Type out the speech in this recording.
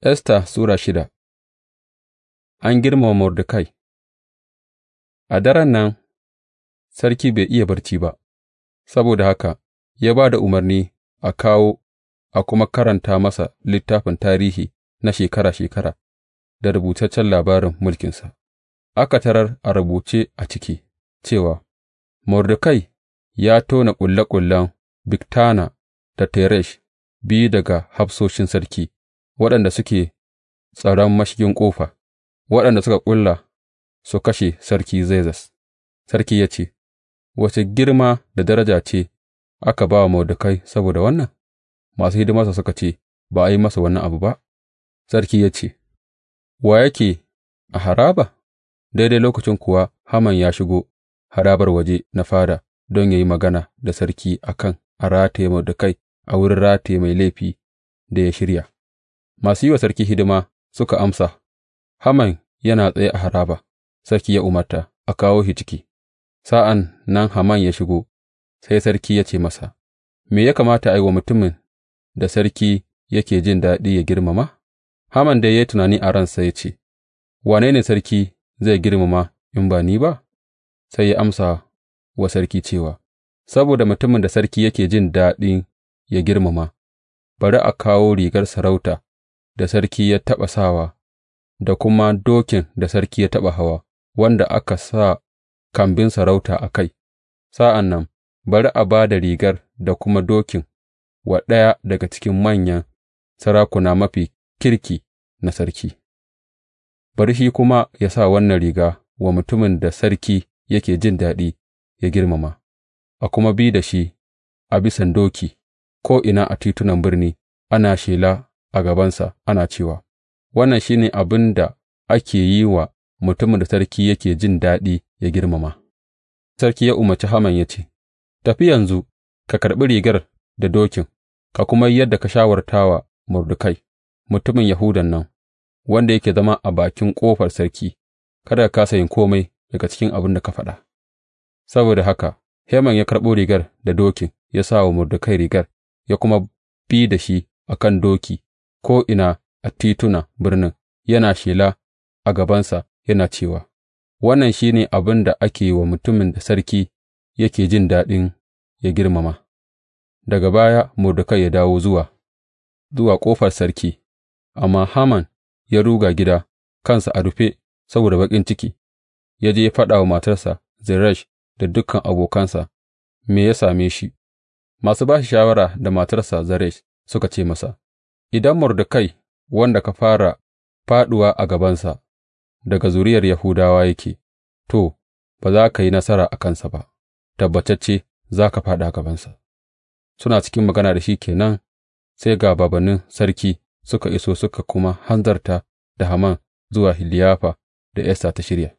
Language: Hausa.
Esta Sura shida An girmama Mordekai A daren nan, sarki bai iya barci ba, saboda haka ya ba da umarni a kawo a kuma karanta masa littafin tarihi na shekara-shekara da rubutaccen labarin mulkinsa, aka tarar a rubuce a ciki cewa Mordekai ya tona ƙulle-ƙullen Biktana da Teresh, biyu daga hafsoshin sarki. waɗanda suke tsaron mashigin ƙofa, waɗanda suka ƙulla su kashe sarki Zezas, sarki ya ce, Wace girma da daraja ce aka ba wa Mordekai saboda wannan? Masu hidimarsa suka ce, Ba a yi masa wannan abu ba? Sarki ya ce, Wa yake a haraba? Daidai lokacin kuwa Haman ya shigo harabar waje na fada don ya yi magana da sarki a kan a rataye Mordekai a wurin rataye mai laifi da ya shirya. Masu yi wa sarki hidima suka amsa, Haman yana tsaye a haraba, sarki ya umarta, a kawo shi ciki. Sa'an nan Haman ya shigo, sai sarki ya ce masa, Me ya kamata a yi wa mutumin da sarki yake jin daɗi ya girmama? Haman dai ya yi tunani a ransa ya ce, Wane ne sarki zai girmama in ba ni ba? Sai ya amsa wa sarki cewa, Saboda mutumin da sarki yake jin daɗin ya girmama, bari a kawo rigar sarauta da sarki ya taɓa sawa da kuma dokin da sarki ya taɓa hawa, wanda aka sa kambin sarauta a kai, sa'an nan bari a ba da rigar da kuma dokin wa ɗaya daga cikin manyan sarakuna mafi kirki na sarki, bari shi kuma ya sa wannan riga wa mutumin da sarki yake jin daɗi ya girmama, a kuma bi da shi a bisan doki ko'ina a titunan birni ana shela a gabansa, ana cewa, Wannan shi ne abin da ake yi wa mutumin da sarki yake jin daɗi ya girmama. Sarki ya umarci Haman ya ce, Tafi yanzu, ka karɓi rigar da dokin, ka kuma yi yadda ka shawarta wa Mordekai, mutumin Yahudan nan, wanda yake zama a bakin ƙofar sarki, kada ka kasa yin komai daga cikin abin da ka faɗa. Saboda haka, Heman ya karɓo rigar da dokin, ya sa wa Mordekai rigar, ya kuma bi da shi a kan doki ko'ina a tituna birnin, yana shela a gabansa yana cewa, Wannan shi ne abin da ake yi wa mutumin da sarki yake jin daɗin ya girmama, daga baya Mordekai ya dawo zuwa, zuwa ƙofar sarki, amma Haman ya ruga gida, kansa a rufe saboda baƙin ciki, ya je faɗa wa matarsa Zeresh da dukan abokansa me ya same shi, masu ba shi shawara da matarsa Zeresh suka ce masa. Idan Mordekai, wanda ka fara fāɗuwa a gabansa, daga zuriyar Yahudawa yake, to, ba za ka yi nasara a kansa ba, tabbatacce za ka fāɗa a gabansa. Suna cikin magana da shi ke nan, sai ga Babannin sarki suka iso suka kuma hanzarta da Haman zuwa hiliyafa da Esta ta shirya.